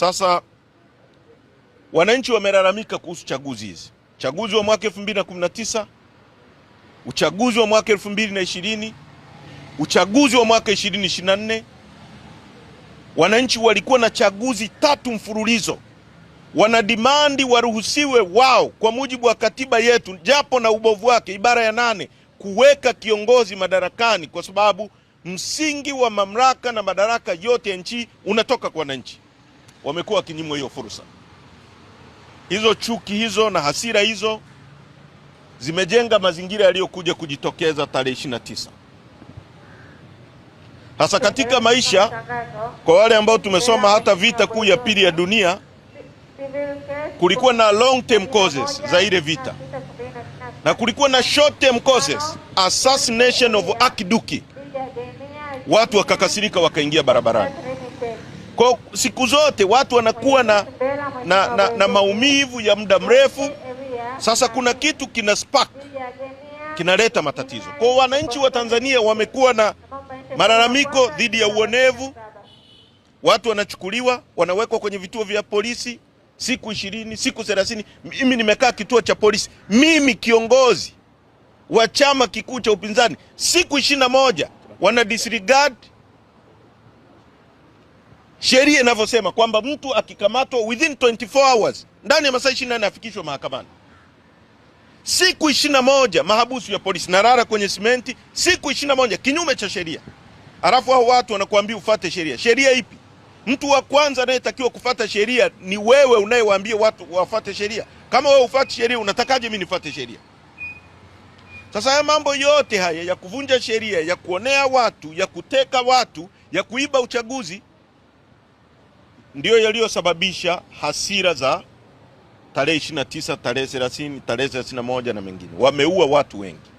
Sasa wananchi wamelalamika kuhusu chaguzi hizi, chaguzi wa mwaka 2019, uchaguzi wa mwaka 2020, uchaguzi wa mwaka 2024. Wananchi walikuwa na chaguzi tatu mfululizo, wanadimandi waruhusiwe wao kwa mujibu wa katiba yetu, japo na ubovu wake, ibara ya nane, kuweka kiongozi madarakani, kwa sababu msingi wa mamlaka na madaraka yote ya nchi unatoka kwa wananchi wamekuwa wakinyimwa hiyo fursa. Hizo chuki hizo na hasira hizo zimejenga mazingira yaliyokuja kujitokeza tarehe 29 hasa Sasa katika maisha, kwa wale ambao tumesoma hata vita kuu ya pili ya dunia, kulikuwa na long term causes za ile vita na kulikuwa na short term causes, assassination of Akiduki. Watu wakakasirika, wakaingia barabarani. Kwa siku zote watu wanakuwa na, na, na, na maumivu ya muda mrefu. Sasa kuna kitu kina spark kinaleta matatizo. Kwa wananchi wa Tanzania wamekuwa na malalamiko dhidi ya uonevu. Watu wanachukuliwa wanawekwa kwenye vituo vya polisi siku ishirini, siku thelathini. Mimi nimekaa kituo cha polisi, mimi kiongozi wa chama kikuu cha upinzani, siku ishirini na moja wana disregard sheria inavyosema kwamba mtu akikamatwa within 24 hours, ndani ya masaa 24 afikishwe mahakamani. Siku 21 mahabusu ya polisi narara kwenye simenti, siku 21 kinyume cha sheria. Alafu hao watu wanakuambia ufate sheria. Sheria ipi? Mtu wa kwanza anayetakiwa kufata sheria ni wewe unayewaambia watu wafate sheria. Kama wewe ufate sheria, unatakaje mimi nifate sheria? Sasa haya mambo yote haya ya kuvunja sheria, ya kuonea watu, ya kuteka watu, ya kuiba uchaguzi ndiyo yaliyosababisha hasira za tarehe 29, tarehe 30, tarehe 31 na mengine. Wameua watu wengi.